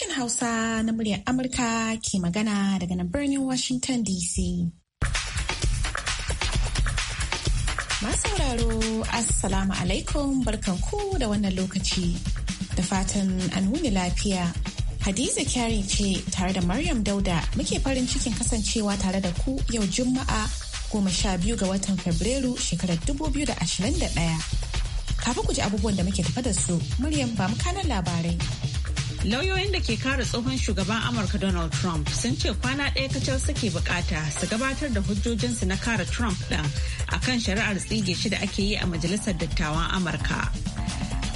Sashen Hausa na muryar Amurka ke magana daga nan birnin Washington DC. sauraro Assalamu alaikum barkanku da wannan lokaci. Da fatan an wuni lafiya. Hadiza Kyari ce tare da Maryam Dauda muke farin cikin kasancewa tare da ku yau Juma'a goma sha biyu ga watan Fabrairu shekarar dubu biyu da ashirin da ɗaya. Kafin ku ji abubuwan da muke tafa da su, Maryam ba mu kanan labarai. lauyoyin da ke kare tsohon shugaban amurka donald trump sun ce kwana ɗaya kacal suke bukata su gabatar da hujjojinsu na kare trump ɗin kan shari'ar tsige shi da ake yi a majalisar dattawan amurka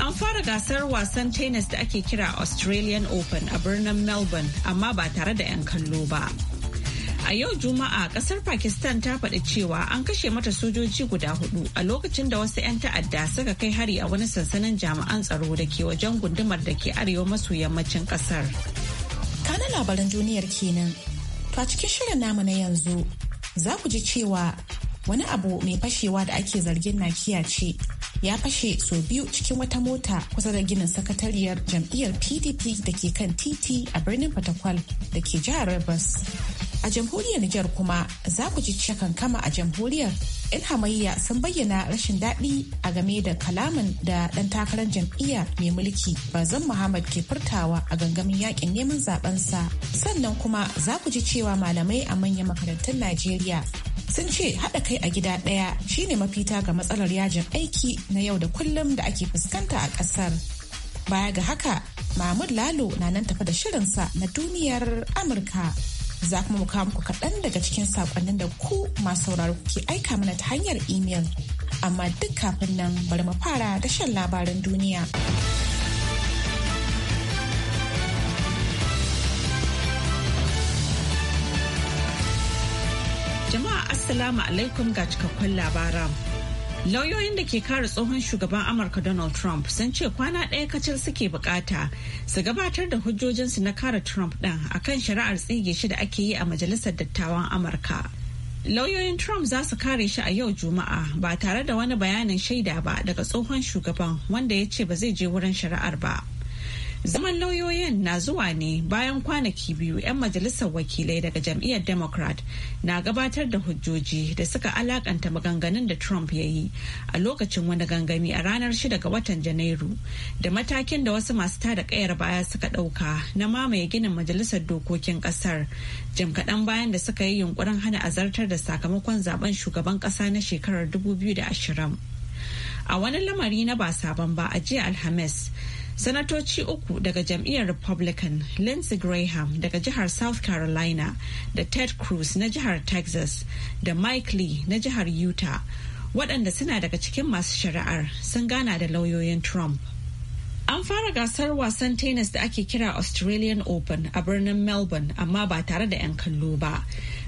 an fara gasar wasan tennis da ake kira australian open a birnin melbourne amma ba tare da 'yan kallo ba A yau Juma'a kasar Pakistan ta faɗi cewa an kashe mata sojoji guda hudu a lokacin da wasu 'yan ta'adda suka kai hari a wani sansanin jami'an tsaro da ke wajen gundumar da ke arewa maso yammacin kasar. Kanan labaran duniyar kenan. To a cikin shirin namu na yanzu za ku ji cewa wani abu mai fashewa da ake zargin nakiya ce ya fashe sau biyu cikin wata mota kusa da ginin sakatariyar jam'iyyar pdp da ke kan titi a birnin patakwal da ke jihar Rivers. A jamhuriyar Nijar kuma za ku ji cikin kama a jamhuriyar Ilhamayya sun bayyana rashin daɗi a game da kalamin da ɗan takarar jam'iyya mai mulki bazan Muhammad ke furtawa a gangamin yakin neman zabensa. Sannan kuma za ku ji cewa malamai a manyan makarantun Najeriya sun ce haɗa kai a gida ɗaya shine mafita ga matsalar yajin aiki na yau da kullum da ake fuskanta a ƙasar. Baya ga haka, Mahmud Lalo na nan tafa da shirinsa na duniyar Amurka. za kuma mu kawo muku kaɗan daga cikin saƙonnin da ku masu sauraro kuke aika mana ta hanyar imel. Amma duk kafin nan bari mu fara da shan labaran duniya. Jama'a Assalamu alaikum ga cikakkun labaran. lauyoyin da ke kare tsohon shugaban amurka donald trump sun ce kwana ɗaya kacal suke bukata su gabatar da hujjojinsu na kare trump ɗin akan shari'ar tsige shi da ake yi a majalisar dattawan amurka lauyoyin trump za su kare shi a yau juma'a ba tare da wani bayanin shaida ba daga tsohon shugaban wanda ya ce ba zai je wurin shari'ar ba Zaman lauyoyin na zuwa ne bayan kwanaki biyu 'yan majalisar wakilai daga jam'iyyar Democrat na gabatar da hujjoji da suka alakanta maganganun da Trump ya yi a lokacin wani gangami a ranar 6 ga watan Janairu da matakin da wasu masu tada kayar baya suka ɗauka na mamaye ginin majalisar dokokin ƙasar jim kaɗan bayan da suka yi yunkurin hana azartar da sakamakon zaben shugaban ƙasa na shekarar 2020. a wani lamari na ba sabon ba a jiya alhamis sanatoci uku daga jam'iyyar republican lindsey graham daga jihar south carolina da ted cruz na jihar texas da mike lee na jihar utah waɗanda suna daga cikin masu shari'ar sun gana da lauyoyin trump an fara gasar wasan tennis da ake kira australian open a birnin melbourne amma ba tare da 'yan kallo ba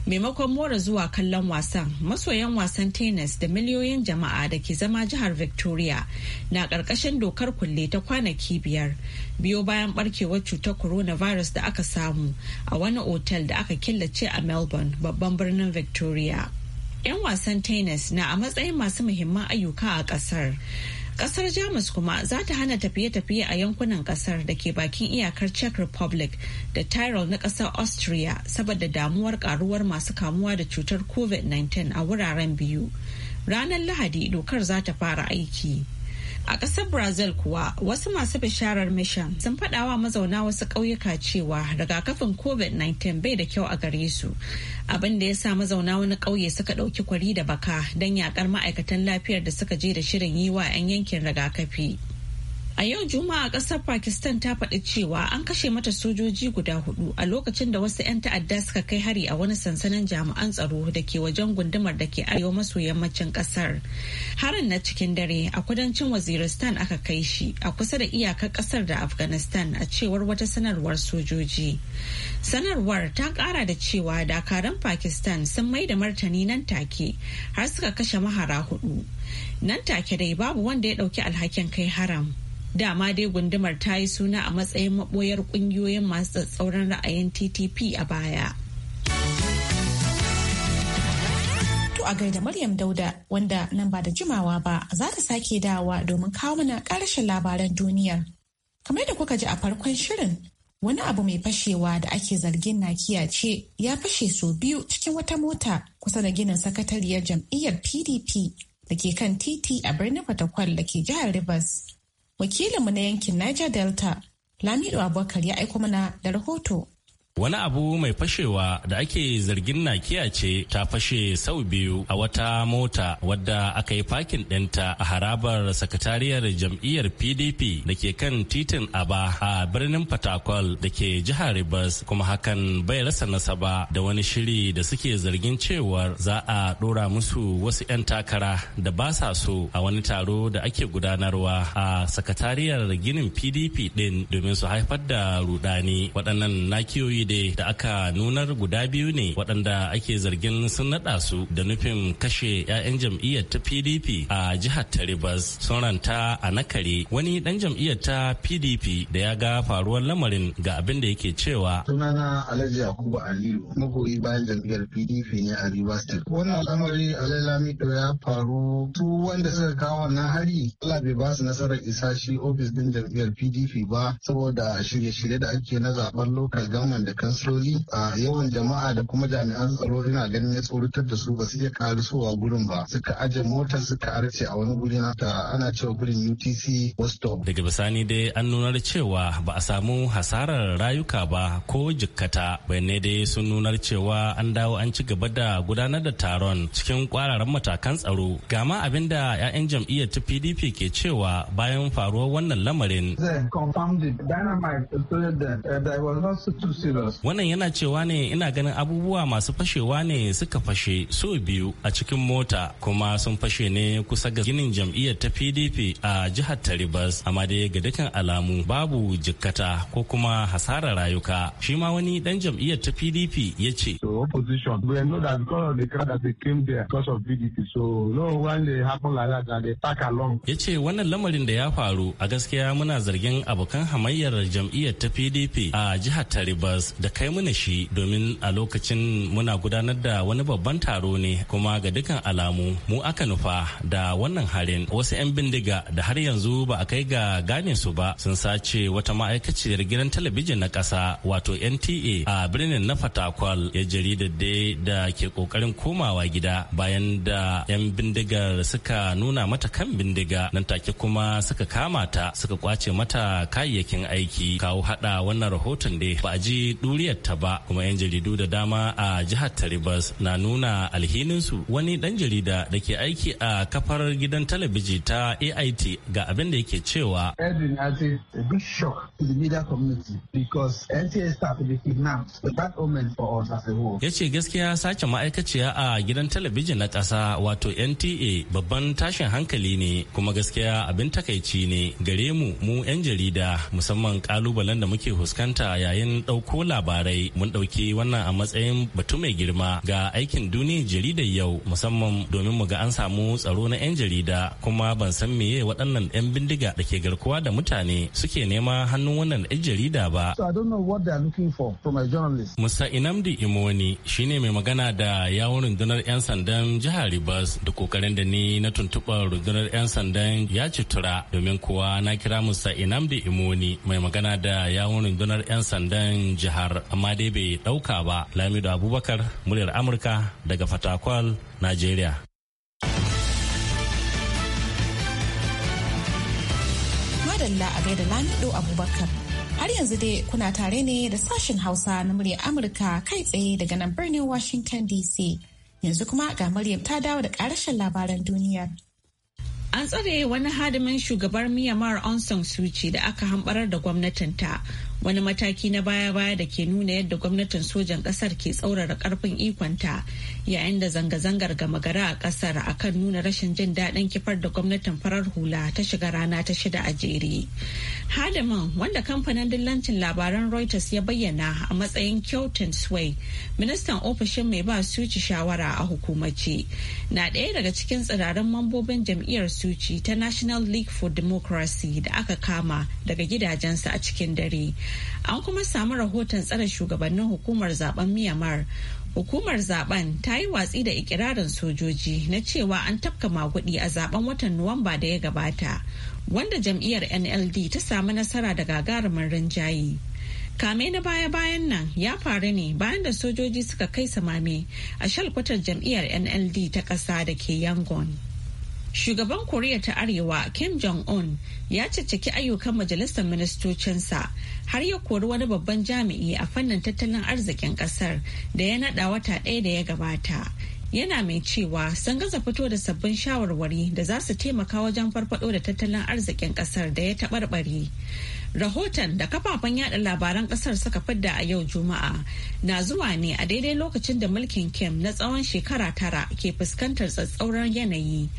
maimakon more zuwa kallon wasan masoyan wasan tennis da miliyoyin jama'a da ke zama jihar victoria na ƙarƙashin dokar kulle ta kwanaki biyar biyo bayan barkewar cutar coronavirus da aka samu a wani otel da aka killace a melbourne babban birnin victoria 'yan wasan tennis na a matsayin masu muhimman ayyuka a ƙasar Kasar Jamus kuma za ta hana tafiye-tafiye a yankunan kasar da ke bakin iyakar Czech Republic da Tyrol na kasar Austria saboda damuwar karuwar masu kamuwa da cutar COVID-19 a wuraren biyu. Ranar Lahadi dokar za ta fara aiki. A ƙasar Brazil kuwa wasu masu bisharar Mission sun faɗawa mazauna wasu ƙauyuka cewa rigakafin COVID-19 bai da kyau a gare su. Abin da ya sa mazauna wani ƙauye suka ɗauki kwari da baka don yaƙar ma'aikatan lafiyar da suka je da shirin yi wa 'yan yankin rigakafi. A yau Juma'a ƙasar Pakistan ta faɗi cewa an kashe mata sojoji guda hudu a lokacin da wasu 'yan ta'adda suka kai hari a wani sansanin jami'an tsaro da ke wajen gundumar da ke arewa maso yammacin ƙasar. Harin na cikin dare a kudancin Waziristan aka kai shi a kusa da iyakar ƙasar da Afghanistan a cewar wata sanarwar sojoji. Sanarwar ta ƙara da cewa dakaran Pakistan sun mai da martani nan take har suka kashe mahara hudu. Nan take dai babu wanda ya ɗauki alhakin kai haram. dama dai gundumar ta yi suna a matsayin maboyar kungiyoyin masu tsatsauran ra'ayin ttp a baya to a gaida maryam dauda wanda nan ba da jimawa ba za ta sake dawa domin kawo mana karshen labaran duniyar kamar da kuka ji a farkon shirin wani abu mai fashewa da ake zargin nakiya ce ya fashe sau biyu cikin wata mota kusa da ginin sakatariyar jam'iyyar pdp da ke kan titi a birnin fatakwal da ke jihar rivers wakilinmu na yankin niger delta lamido abubakar ya aiko mana da rahoto Wani abu mai fashewa da ake zargin nakiya ce ta fashe sau biyu a wata mota wadda aka yi fakin ɗinta a harabar sakatariyar jam'iyyar PDP da ke kan titin Aba a birnin Fatakwal da ke jihar Rivers kuma hakan bai rasa nasaba da wani shiri da suke zargin cewar za a ɗora musu wasu 'yan takara da ba sa so a wani taro da ake gudanarwa a sakatariyar ginin PDP ɗin domin su haifar da rudani waɗannan nakiyoyi dai da aka nunar guda biyu ne waɗanda ake zargin sun naɗa su da nufin kashe 'ya'yan jam'iyyar ta pdp a jihar taribas sun ranta a nakare wani ɗan jam'iyyar ta pdp da ya ga faruwar lamarin ga abin da yake cewa sunana alhaji yakubu aliyu magoyi bayan jam'iyyar pdp ne a rivers state wannan al'amari alhaji ya faru su wanda suka kawo na hari allah bai ba su nasarar isa shi ofis din jam'iyyar pdp ba saboda shirye-shirye da ake na zaben lokal gaman da kansiloli a yawan jama'a da kuma jami'an tsaro ina ganin ya tsoratar da su ba su iya karasuwa gurin ba suka aje motar suka arce a wani guri na ta ana cewa gurin UTC Westop. Daga bisani dai an nunar cewa ba a samu hasarar rayuka ba ko jikkata ne dai sun nunar cewa an dawo an ci gaba da gudanar da taron cikin kwararan matakan tsaro ga ma abin da 'ya'yan jam'iyyar ta PDP ke cewa bayan faruwar wannan lamarin. They dynamite, that uh, there was not too serious. Wannan yana cewa ne ina ganin abubuwa masu fashewa ne suka fashe so biyu a cikin mota kuma sun fashe ne kusa ga ginin jam'iyyar ta PDP a jihar Taribas amma dai ga dukkan alamu babu jikkata ko kuma hasarar rayuka. Shi ma wani dan jam'iyyar ta PDP ya ce. Ya ce wannan lamarin da ya faru a gaskiya muna zargin abokan hamayyar jam'iyyar ta PDP a jihar Taribas da kai mana shi domin a lokacin muna gudanar da wani babban taro ne kuma ga dukkan alamu mu aka nufa da wannan harin wasu 'yan bindiga da har yanzu ba a kai ga gane su ba sun sace wata ma'aikaciyar gidan talabijin na kasa wato nta a birnin na fatakwal ya jaridar dai da ke ƙoƙarin komawa gida bayan da 'yan bindigar suka nuna mata kan bindiga nan take kuma suka kama ta suka kwace mata kayayyakin aiki kawo hada wannan rahoton dai ba a ji duriyar ta ba kuma 'yan jaridu da dama a jihar taribas na nuna alhininsu wani ɗan jarida da ke aiki a kafar gidan talabiji ta ait ga abin da yake cewa ya ce gaskiya sace ma'aikaciya a gidan talabijin na ƙasa wato nta babban tashin hankali ne kuma gaskiya abin takaici ne gare mu mu 'yan jarida musamman kalubalen da muke fuskanta yayin ɗauko labarai mun ɗauki wannan a matsayin batu mai girma ga aikin duniyar jaridar yau musamman domin mu ga an samu tsaro na 'yan jarida kuma ban san meye waɗannan 'yan bindiga da ke garkuwa da mutane suke nema hannun wannan 'yan jarida ba. Musa Inamdi Imoni shine mai magana da yawon rundunar 'yan sandan jihar Ribas da kokarin da ni na tuntuɓar rundunar 'yan sandan ya citura domin kuwa na kira Musa Inamdi Imoni mai magana da yawon rundunar 'yan sandan jihar jihar amma dai bai ɗauka ba lamido abubakar muryar amurka daga fatakwal nigeria madalla a gaida lamido abubakar har yanzu dai kuna tare ne da sashen hausa na muryar amurka kai tsaye daga nan birnin washington dc yanzu kuma ga muryar ta dawo da karashen labaran duniyar an tsare wani hadimin shugabar myanmar aung san suu kyi da aka hambarar da gwamnatinta wani mataki na baya-baya da ke nuna yadda gwamnatin sojan ƙasar ke tsaurara karfin ikonta yayin da zanga-zangar gama gara a ƙasar akan nuna rashin jin daɗin kifar da gwamnatin farar hula ta shiga rana ta shida a jere. Hadaman wanda kamfanin dillancin labaran Reuters ya bayyana a matsayin Kyautin Sway, ministan ofishin mai ba suci shawara a hukumace, na ɗaya daga cikin tsirarin mambobin jam'iyyar suci ta National League for Democracy da aka kama daga gidajensa a cikin dare. An kuma samu rahoton tsare shugabannin hukumar zaben Myanmar. Hukumar zaben ta yi watsi da ikirarin sojoji na cewa an tafka magudi a zaben watan Nuwamba da ya gabata, wanda jam'iyyar NLD ta samu nasara da gagarumin rinjaye. kame na baya-bayan nan ya faru ne bayan da sojoji suka kai samame a shalkwatar jam'iyyar nld ta ƙasa da ke yangon Shugaban Koriya ta Arewa Kim Jong-un ya caccaki ayyukan majalisar ministocinsa har ya kori wani babban jami'i a fannin tattalin arzikin kasar da ya nada wata ɗaya da ya gabata. Yana mai cewa sun gaza fito da sabbin shawarwari da za su taimaka wajen farfado da tattalin arzikin kasar da ya taɓarɓare. rahoton da kafafen yada labaran kasar suka fidda a yau juma'a na zuwa ne a daidai lokacin da mulkin kim na tsawon shekara tara ke fuskantar tsatsauran yanayi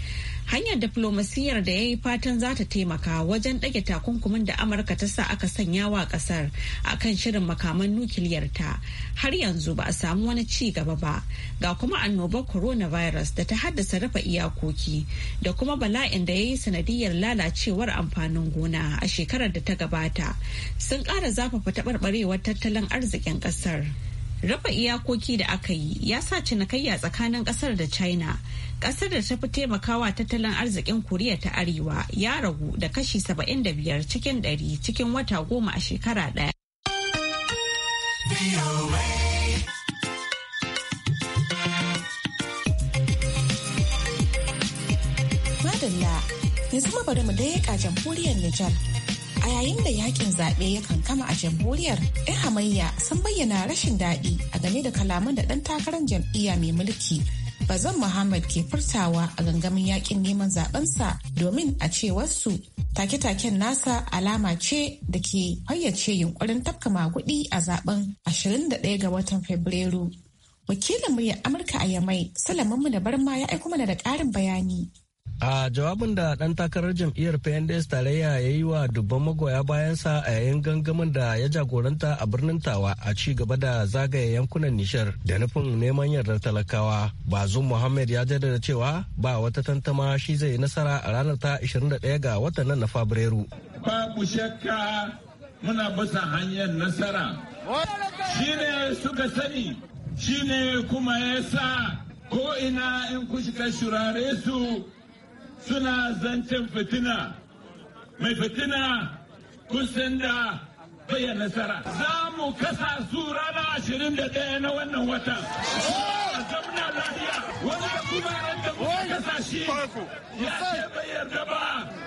hanyar diflomasiyyar da ya yi fatan za ta taimaka wajen ɗage takunkumin da amurka ta sa aka sanya wa ƙasar a kan shirin makaman nukiliyarta har yanzu ba a samu wani ci gaba ba ga kuma annobar coronavirus da ta haddasa rufe iyakoki da kuma bala'in da ya yi sanadiyar lalacewar amfanin gona a shekarar da ta gabata sun ƙara zafafa taɓarɓarewar tattalin arzikin ƙasar. Raba iyakoki da aka yi ya sa cinikayya tsakanin kasar da China, kasar da ta fi taimakawa tattalin arzikin Koriya ta Arewa ya ragu da kashi 75 cikin 100 cikin wata goma a shekara ɗaya. Madalla, yanzu mabarin mu kajan jamhuriyar Nijar. a yayin da yakin zaɓe ya kankama a jamhuriyar 'yan hamayya sun bayyana rashin daɗi a game da kalaman da ɗan takarar jam'iyya mai mulki bazan muhammad ke furtawa a gangamin yakin neman zabensa domin a ce wasu. take-taken nasa alama ce da ke fayyace yunkurin tafka magudi a zaben 21 ga watan fabrairu wakilin muryar amurka a yamai salamanmu da barma ya aiko mana da ƙarin bayani a jawabin da ɗan takarar jam'iyyar pnds tarayya ya yi wa dubban magoya bayansa a yayin gangamin da ya jagoranta a birnin tawa a ci gaba da zagaye yankunan nishar da nufin neman yardar talakawa bazum muhammad ya jaddada cewa ba wata tantama shi zai nasara a ranar ta 21 ga watan nan na fabrairu babu shakka muna basa hanyar nasara shine suka sani shine kuma ya sa ko ina in kuka shurare su suna zancen fitina mai fitina kun da bayan nasara za mu kasa su rana ashirin da ɗaya na wannan watan zamna lafiya da kuma ran da kasa shi ya ce bai yarda ba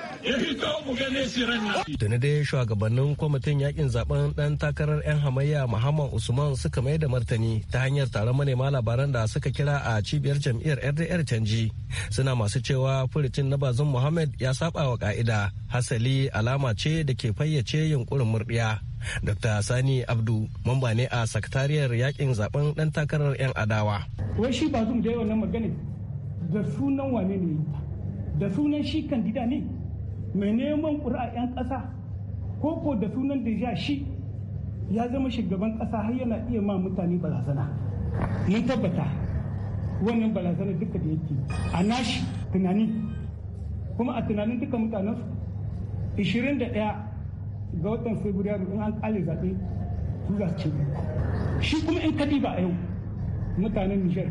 Da na dai shugabannin kwamitin yakin zaben dan takarar 'yan hamayya Muhammad Usman suka mai da martani ta hanyar taron manema labaran da suka kira a cibiyar jam'iyyar RDR canji. Suna masu cewa furucin na bazin Muhammad ya saba wa ka'ida hasali alama ce da ke fayyace yunkurin murɗiya. Dr. Sani Abdu mamba ne a sakatariyar yakin zaben dan takarar 'yan adawa. Wai shi da yawan magana da sunan wane Da sunan shi kandida ne? mai neman ƙuri'a 'yan ƙasa ko ko da sunan da ya shi ya zama shugaban ƙasa har yana iya ma mutane barazana mun tabbata wannan barazana duka da yake a nashi tunani kuma a tunanin duka mutanen su 21 ga watan februari in an kare zaɓe su za ce shi kuma in kadi ba a yau mutanen nijar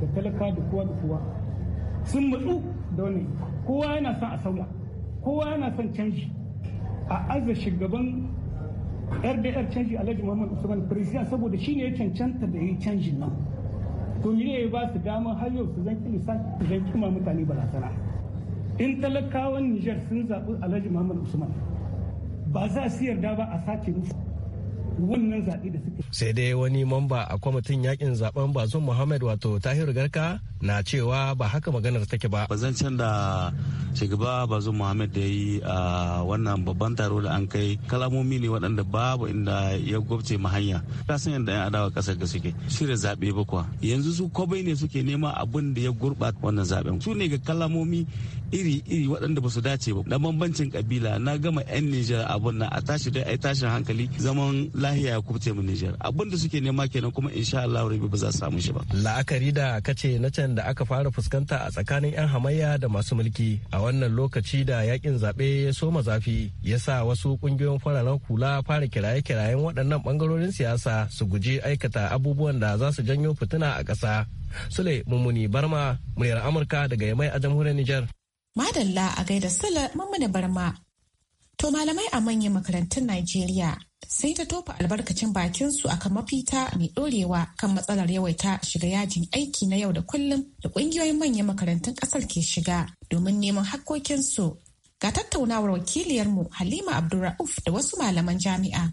da talaka da kowa da kowa sun matsu da wannan kowa yana son a sauya kowa yana son canji a aza shugaban rdr canji alhaji muhammad usman president saboda shi ne ya cancanta da ya yi canjin nan to ne ya ba su damar har yau su zanki lissafi zanki ma mutane barazana in talakawan niger sun zaɓi alhaji muhammad usman ba za su yarda ba a sace musu wannan zaɓe da suka sai dai wani mamba a kwamitin yakin zaben bazon muhammad wato tahir garka na cewa ba haka maganar take ba bazancen da shugaba bazon muhammad da yi a wannan babban taro da an kai kalamomi ne waɗanda babu inda ya gwabce ma hanya ta san yadda yan adawa kasar ga suke shirya zaɓe ba kuwa yanzu su kwabai ne suke nema abin da ya gurɓata wannan zaɓen su ne ga kalamomi iri-iri waɗanda ba su dace ba na bambancin kabila na gama 'yan nijar abun na a tashi dai a tashin hankali zaman lahiya ya kubce mu Nijar abin suke nema kenan kuma insha Allah rabi ba za su samu shi ba la'akari da kace na can da aka fara fuskanta a tsakanin yan hamayya da masu mulki a wannan lokaci da yakin zabe ya soma zafi ya sa wasu kungiyoyin fararen hula fara kiraye-kirayen waɗannan bangarorin siyasa su guji aikata abubuwan da za su janyo fitina a ƙasa Sule Mummuni Barma, muryar Amurka daga Yamai a jamhuriyar Nijar. Madalla a gaida Sule Mummuni Barma. To malamai a manyan makarantun Najeriya sai ta tofa albarkacin bakin su akan mafita mai dorewa kan matsalar yawaita shiga yajin aiki na yau da kullum da ƙungiyoyin manyan makarantun kasar ke shiga domin neman hakkokinsu ga tattaunawar wakiliyarmu halima abdulra'uf da wasu malaman jami'a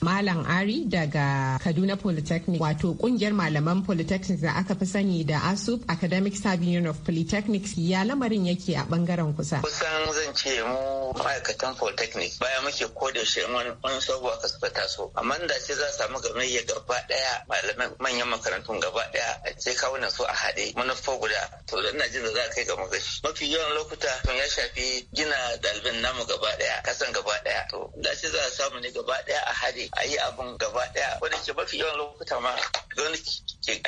Malam Ari daga Kaduna Polytechnic wato kungiyar malaman Polytechnics da aka fi sani da ASUP Academic Sub Union of Polytechnics ya lamarin yake a bangaren kusa. Kusan zan ce mu ma'aikatan Polytechnic baya muke koda shi wani wani sabuwa ka suka taso. Amma da ce za a samu gamayya gaba daya malaman manyan makarantun gaba daya a ce kawuna so a haɗe manufa guda to da ina jin da za a kai ga magashi. Mafi yawan lokuta tun ya shafi gina ɗaliban namu gaba daya kasan gaba daya to da ce za a samu ne gaba daya a haɗe a yi abin gaba daya wadda ke mafi yawan lokuta ma don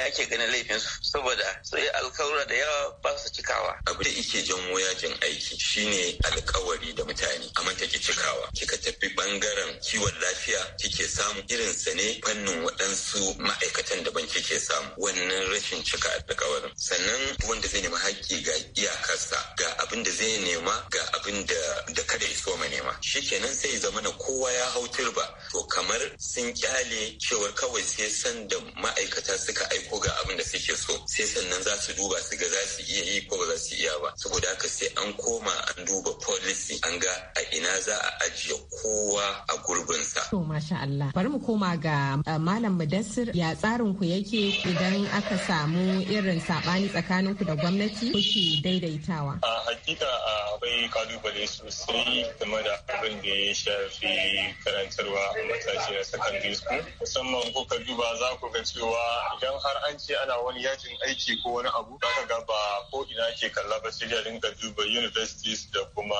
ake ganin laifinsu saboda sai alkawura da yawa ba su cikawa. Abu da ike janwo yajin aiki shine alkawari da mutane a manta ki cikawa. Kika tafi bangaren kiwon lafiya kike samu irin sa ne fannin waɗansu ma'aikatan da banki ke samu wannan rashin cika alkawarin. Sannan wanda zai nema haƙƙi ga iyakarsa ga abin da zai nema ga abin da kada ya so ma nema. Shikenan sai zamana kowa ya hau turba to kamar sun kyale cewar kawai sai san da ma'aikatan ma'aikata suka aiko ga abin da suke so sai sannan za su duba su ga za su iya yi ko ba za su iya ba saboda haka sai an koma an duba policy an ga a ina za a ajiye kowa a gurbinsa. To masha Allah bari mu koma ga eh, malam madassir ya tsarin ku yake idan aka samu irin sabani tsakanin ku da gwamnati kuke daidaitawa. A hakika akwai kalubale sosai game da abin da ya shafi karantarwa a matashi a secondary school musamman ka duba za ku ga cewa cewa idan har an ce ana wani yajin aiki ko wani abu zaka ga ba ko ina ke kalla ba sai da ga duba universities da kuma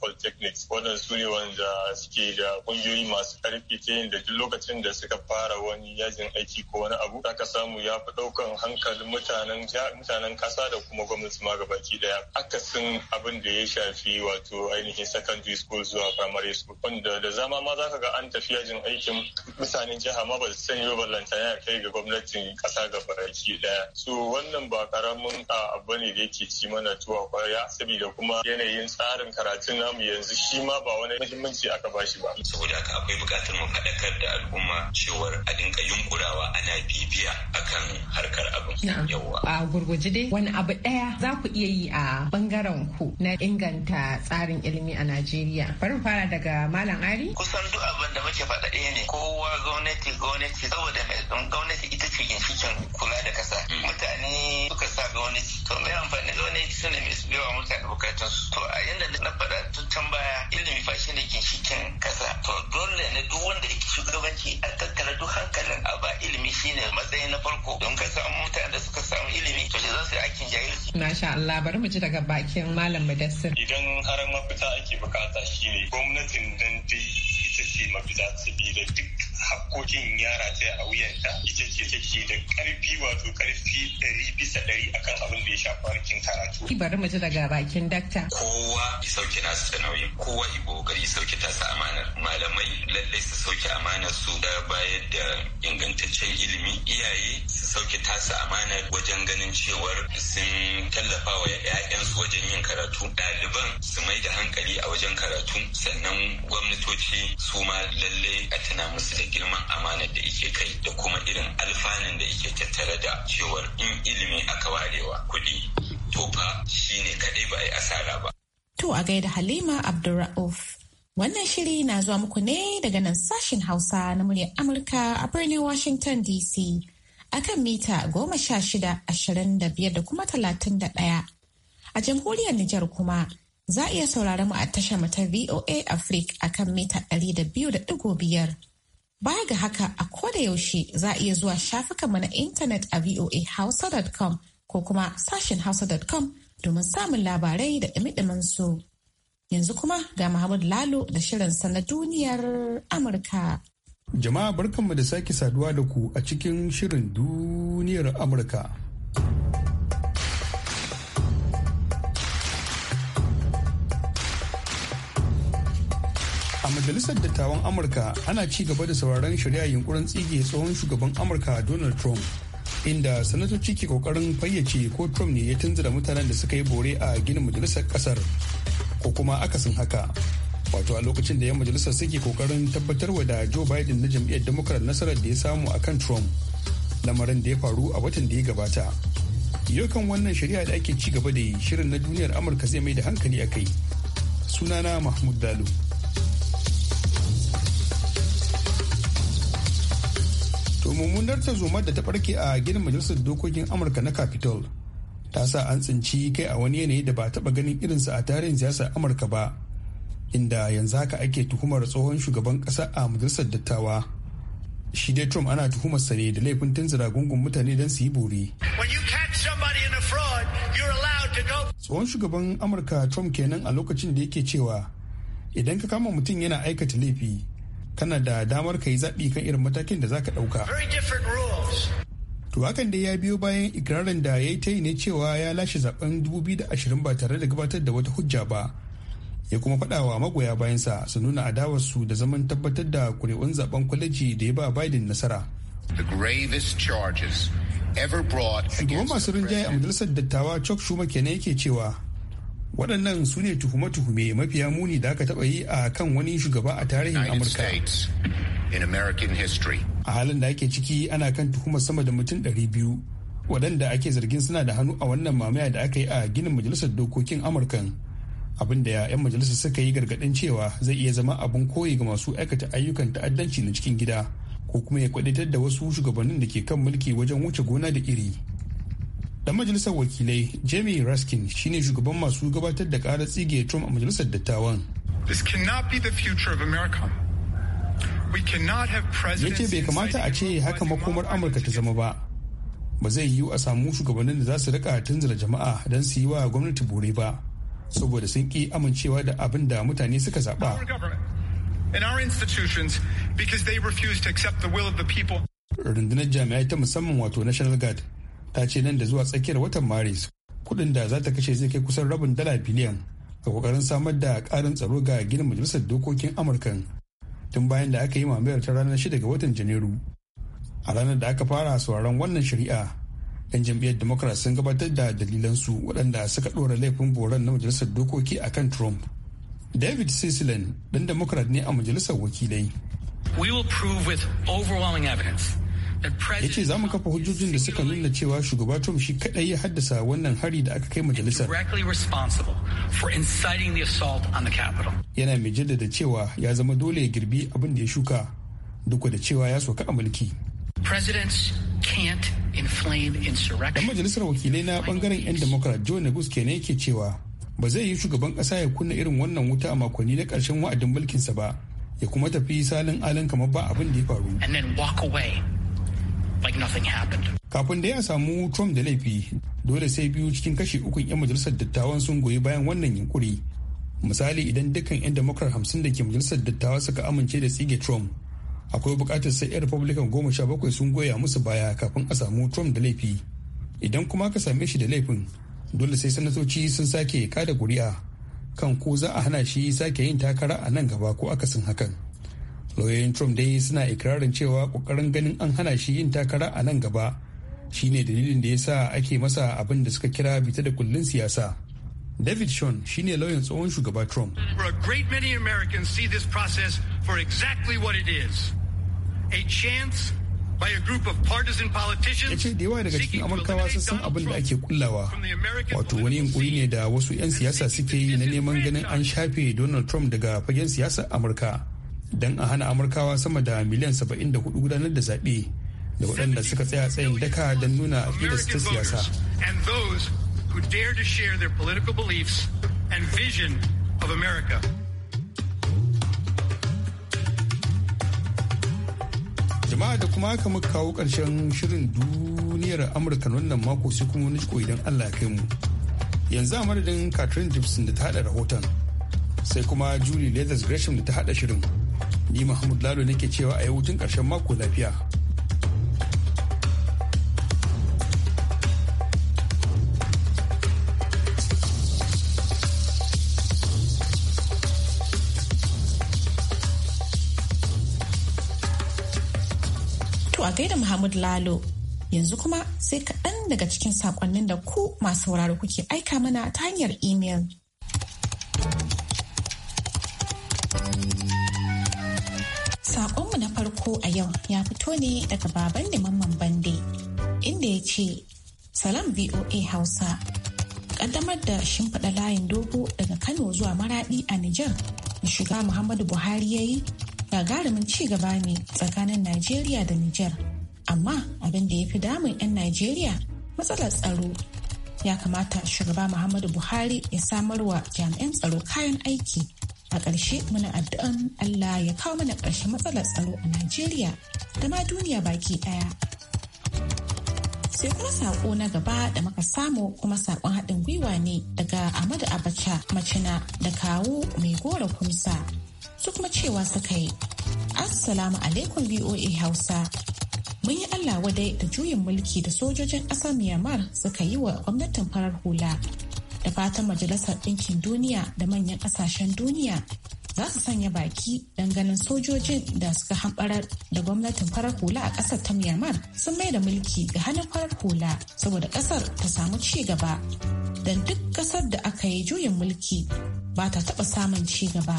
polytechnics wannan su ne wanda suke da kungiyoyi masu karfi ta yin da duk lokacin da suka fara wani yajin aiki ko wani abu ka samu ya fi daukan hankalin mutanen mutanen kasa da kuma gwamnati ma gabaki daya akasin abin da ya shafi wato ainihin secondary school zuwa primary school wanda da zama ma ka ga an tafi yajin aikin mutanen jiha ma ba su sani ba ballantana kai ga gwamnatin kasa ga faraki daya. So wannan ba karamin abu ne da yake ci mana tuwa kwarya saboda kuma yanayin tsarin karatun namu yanzu shi ma ba wani muhimmanci aka bashi ba. Saboda haka akwai buƙatar mu faɗakar da al'umma cewar a dinka yunkurawa ana bibiya akan harkar abu yawa A gurguje dai wani abu ɗaya za ku iya yi a bangaren ku na inganta tsarin ilimi a Najeriya. Bari fara daga Malam Ari. Kusan duk abin da muke faɗa ɗaya ne. Kowa gwamnati gwamnati saboda mai gwamnati ita ce ginshikin kula da kasa mm. mutane suka sa gwamnati to mai amfani gwamnati su ne mai su biya mutane bukatun su to a yanda na faɗa tun can baya ilimi fa shi ne ginshikin kasa to dole ne duk wanda yake shugabanci a tattara duk hankalin a ba ilimi shine matsayi na farko don ka samu mutane da suka samu ilimi to shi za su yi aikin jahilci. masha Allah bari mu ji daga bakin malam Mudassir. idan har mafita ake bukata shine gwamnatin dan dai ita ce mafita sabida duk hakkokin yara ta a wuyanta ita ce take da karfi wato karfi ɗari bisa ɗari akan abin da ya shafi harkin karatu. Bari mu ji daga bakin dakta. Kowa ya sauke nasu ta nauyin kowa ibo ya sauke amanar malamai lallai su sauke amanar su da bayar da ingantaccen ilimi iyaye su sauke ta su amanar wajen ganin cewar sun tallafa wa 'ya'yansu wajen yin karatu ɗaliban su mai da hankali a wajen karatu sannan gwamnatoci su ma lallai a tana musu da girman amanar da ike kai da kuma irin alfanun da ike tattare da cewar in ilimi aka warewa kuɗi to fa shine kaɗai ba a yi asara ba. To a gaida Halima Abdulra'uf. Wannan shiri na zuwa muku ne daga nan sashen Hausa na muryar Amurka a birnin Washington DC akan mita goma sha shida ashirin da biyar da kuma talatin da ɗaya. A jamhuriyar Nijar kuma za a iya saurari mu a tashar mata ta VOA Africa akan mita ɗari da biyu da ɗigo biyar. Ba ga haka a koda yaushe za a iya zuwa shafukanmu na intanet a voahausa.com ko kuma sashen hausa.com domin samun labarai da ɗumi su. Yanzu kuma ga Muhammad Lalo da shirin na duniyar Amurka. Jama'a barkanmu da sake saduwa da ku a cikin shirin duniyar Amurka. majalisar dattawan amurka ana ci gaba da sauraron shari'a yunkurin tsige tsohon shugaban amurka donald trump inda sanatoci ke kokarin fayyace ko trump ne ya tunzura mutanen da suka yi bore a ginin majalisar kasar ko kuma akasin haka wato a lokacin da ya majalisar suke kokarin tabbatarwa da joe biden na jam'iyyar democrat nasarar da ya samu a kan trump lamarin da ya faru a watan da ya gabata yau wannan shari'a da ake ci gaba da yi shirin na duniyar amurka zai mai da hankali a kai sunana mahmud dalu mummunar tarzoma da ta ɓarke a ginin majalisar dokokin amurka na capitol ta sa an tsinci kai a wani yanayi da ba taba ganin irinsa a tarihin siyasar amurka ba inda yanzu haka ake tuhumar tsohon shugaban kasa a majalisar dattawa shi dai trump ana tuhumar sa ne da laifin tunzura gungun mutane don su yi bori tsohon shugaban amurka trump kenan a lokacin da yake cewa idan ka kama mutum yana aikata laifi kana da damar ka yi zaɓi kan irin matakin da za ka ɗauka. To hakan da ya biyo bayan ikirarin da ya yi ta yi ne cewa ya lashe zaben 2020 ba tare da gabatar da wata hujja ba. Ya kuma faɗawa magoya bayansa su nuna su da zaman tabbatar da kuri'un zaben kwaleji da ya ba Biden nasara. Shugaban masu rinjaye a majalisar dattawa Chuck Schumer kenan yake cewa waɗannan su ne tuhume-tuhume mafiya muni da aka taɓa yi a kan wani shugaba a tarihin amurka a halin da ake ciki ana kan tuhumar sama da mutum 200 waɗanda ake zargin suna da hannu a wannan mamaya da aka yi a ginin majalisar dokokin amurkan abin da 'yan majalisar suka yi gargaɗin cewa zai iya zama abin koyi ga masu aikata ayyukan ta'addanci na cikin gida ko kuma ya kwadatar da wasu shugabannin da ke kan mulki wajen wuce gona da iri Dan majalisar wakilai Jamie Raskin shine shugaban masu gabatar da karar tsige Trump a majalisar dattawan. This ya ce bai kamata a ce haka makomar amurka ta zama ba ba zai yiwu a samu shugabannin da za su rika tunzula jama'a don su yi wa gwamnati bore ba saboda sun ki amincewa da abin da mutane suka zaɓa rundunar jami'ai ta musamman wato national guard ta ce nan da zuwa tsakiyar watan maris kuɗin da za ta kashe zai kai kusan rabin dala biliyan ga kokarin samar da karin tsaro ga ginin majalisar dokokin amurkan tun bayan da aka yi mamayar ta ranar shida ga watan janairu a ranar da aka fara sauraron wannan shari'a yan jam'iyyar democrat sun gabatar da dalilansu waɗanda suka ɗora laifin boran na majalisar dokoki a kan trump david sicilin ɗan democrat ne a majalisar wakilai we will prove with overwhelming evidence ya ce za mu kafa hujjojin da suka nuna cewa shugaba trump shi kadai ya haddasa wannan hari da aka kai majalisar yana mai jaddada cewa ya zama dole ya girbi abin da ya shuka duk da cewa ya soka a mulki dan majalisar wakilai na bangaren 'yan democrat joe negus ke yake cewa ba zai yi shugaban kasa ya kunna irin wannan wuta a makonni na karshen wa'adin mulkinsa ba ya kuma tafi salin alin kamar ba abin da ya faru like nothing happened. Kafin da ya samu Trump da laifi, dole sai biyu cikin kashi ukun 'yan majalisar dattawan sun goyi bayan wannan yunkuri. Misali idan dukkan 'yan Democrat hamsin da ke majalisar dattawa suka amince da tsige Trump, akwai bukatar sai 'yan Republican goma sha bakwai sun goya musu baya kafin a samu Trump da laifi. Idan kuma ka same shi da laifin, dole sai sanatoci sun sake kada kuri'a kan ko za a hana shi sake yin takara a nan gaba ko akasin hakan. lauyoyin trump dai suna ikirarin cewa kokarin ganin an hana shi yin takara a nan gaba shine dalilin da ya sa ake masa abin da suka kira bita da kullun siyasa david shon shine lauyan tsohon shugaba trump ya ce da yawa daga cikin amurkawa sun san abin da ake kullawa wato wani yunkuri ne da wasu 'yan siyasa suke yi na neman ganin an shafe donald trump daga fagen siyasar amurka don a hana amurkawa sama da miliyan 74 gudanar da zaɓe da waɗanda suka tsaya tsayin daka don nuna su ta siyasa jama'a da kuma haka muka kawo ƙarshen shirin duniyar amurka wannan mako sai kuma wani jiko idan allah ya kai mu yanzu a madadin catherine gibson da ta haɗa rahoton sai kuma julie leathers gresham da ta haɗa shirin Ni Mahmud Lalo nake cewa a yau tun ƙarshen mako lafiya. a gaida Muhammad Lalo. Yanzu kuma sai kaɗan daga cikin saƙonnin da ku masu sauraro kuke aika mana ta hanyar imel. farko a yau ya fito ne daga baban mamman bande inda ya ce salam voa hausa kaddamar da shimfiɗa layin dogo daga kano zuwa maraɗi a nijar da shiga muhammadu buhari ya yi gagarumin ci gaba ne tsakanin najeriya da nijar amma abin da ya fi damun 'yan najeriya matsalar tsaro ya kamata shugaba muhammadu buhari ya samarwa jami'an tsaro kayan aiki a ƙarshe muna addu'an allah ya kawo mana ƙarshen matsalar tsaro a najeriya da ma duniya baki ɗaya sai kuma saƙo na gaba da muka samu kuma saƙon haɗin gwiwa ne daga amadu abacha macina da kawo mai gora kumsa su kuma cewa suka yi assalamu alaikum voa hausa mun yi allah wadai da juyin mulki da sojojin ƙasar myanmar suka yi wa gwamnatin farar hula da fatan majalisar ɗinkin duniya da manyan ƙasashen duniya za su sanya baki don ganin sojojin da suka hamɓarar da gwamnatin farar hula a ƙasar ta myanmar sun mai da mulki ga hannun farar hula saboda ƙasar ta samu ci gaba don duk ƙasar da aka yi juyin mulki ba ta taɓa samun ci gaba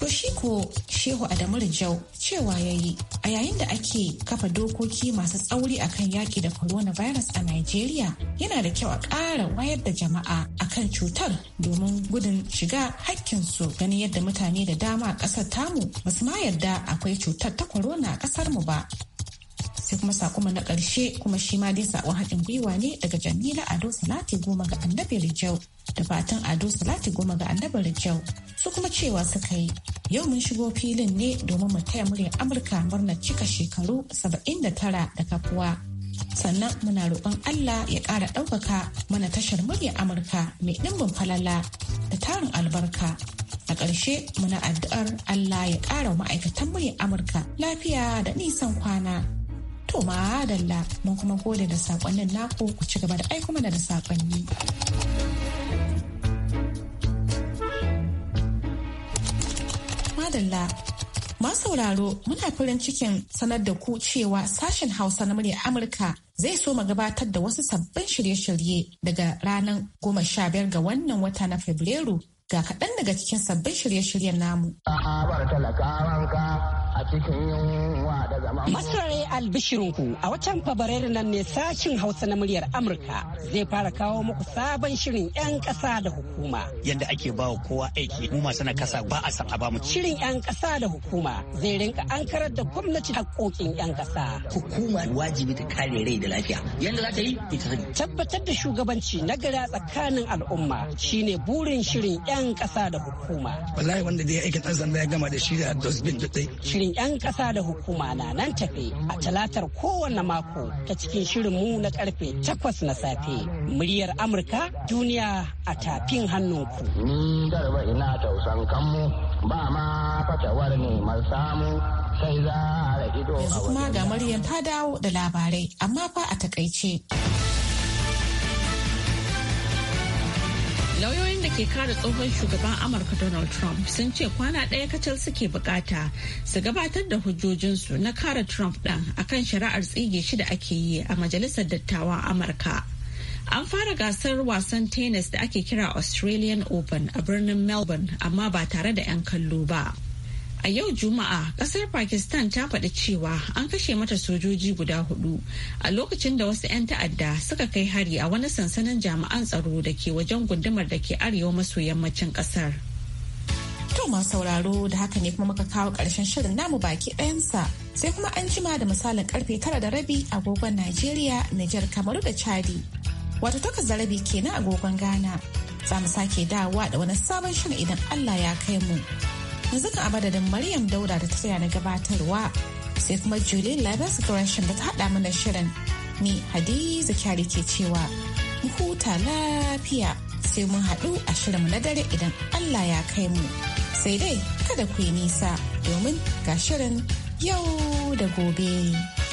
To shi ko Shehu Adamu Rijau cewa ya yi a yayin da ake kafa dokoki masu tsauri akan yaƙi da coronavirus a Najeriya yana da kyau a ƙara wayar da jama'a a kan cutar domin gudun shiga hakkinsu ganin yadda mutane da dama a ƙasar tamu ba su ma yarda akwai cutar ta corona a ƙasar mu ba. sai kuma sakuma na ƙarshe kuma shi ma dai sakon haɗin gwiwa ne daga jamila ado salati goma ga annabi rijau da fatan ado salati goma ga annabi rijau su kuma cewa suka yi yau mun shigo filin ne domin mu taya muryar amurka murnar cika shekaru 79 da kafuwa sannan muna roƙon Allah ya ƙara ɗaukaka mana tashar muryar Amurka mai ɗimbin falala da tarin albarka. A ƙarshe muna addu'ar Allah ya ƙara ma'aikatan muryar Amurka lafiya da nisan kwana. ma dalla mun kuma gode da sakonnin naku ku ci gaba da aiko mana da sakonni. Madalla ma sauraro muna farin cikin sanar da ku cewa sashen Hausa na muryar Amurka zai so mu gabatar da wasu sabbin shirye-shirye daga ranar goma sha biyar ga wannan wata na Fabrairu ga kaɗan daga cikin sabbin shirye-shiryen namu. Masarare albishirinku a watan Fabrairu nan ne sashin Hausa na muryar Amurka zai fara kawo muku sabon shirin 'yan ƙasa da hukuma. Yadda ake ba wa kowa aiki mu masu na kasa ba a san a Shirin 'yan ƙasa da hukuma zai rinka ankarar da gwamnati haƙoƙin 'yan ƙasa. Hukuma wajibi ta kare rai da lafiya. Yadda za ta yi Tabbatar da shugabanci na gari tsakanin al'umma shine burin shirin 'yan 'yan ƙasa da hukuma. Wallahi wanda dai aikin ɗan sanda ya gama da shi da dosbin dutsai. Shirin 'yan ƙasa da hukuma na nan tafe a talatar kowane mako ta cikin shirin mu na karfe takwas na safe. Muryar Amurka duniya a tafin hannunku. Ni garba ina tausan kanmu ba ma fatawar neman samu sai za a ido. Yanzu kuma ga Maryam ta dawo da labarai amma fa a takaice. lauyoyin da ke kare tsohon shugaban amurka donald trump sun ce kwana ɗaya kacal suke bukata su gabatar da hujjojinsu na kare trump ɗan akan shari'ar tsige shi da ake yi a majalisar dattawan amurka an fara gasar wasan tennis da ake kira australian open a birnin melbourne amma ba tare da 'yan kallo ba A yau Juma'a, kasar Pakistan ta faɗi cewa an kashe mata sojoji guda hudu a lokacin da wasu 'yan ta'adda suka kai hari a wani sansanin jami'an tsaro da ke wajen gundumar da ke arewa maso yammacin kasar. To masu sauraro da haka ne kuma muka kawo ƙarshen shirin namu baki ɗayansa sai kuma an jima da misalin karfe tara da rabi agogon Najeriya, Nijar, Kamaru da Chadi. Wato takas da rabi kenan agogon Ghana. Za mu sake dawowa da wani sabon shirin idan Allah ya kai mu. yanzu kan madadin maryam dauda da ta tsaya na gabatarwa sai kuma julie labas gresham da ta haɗa mana shirin ni hadiza kyari ke cewa mu huta lafiya sai mun haɗu a shirinmu na dare idan allah ya kai mu sai dai kada ku yi nisa domin ga shirin yau da gobe.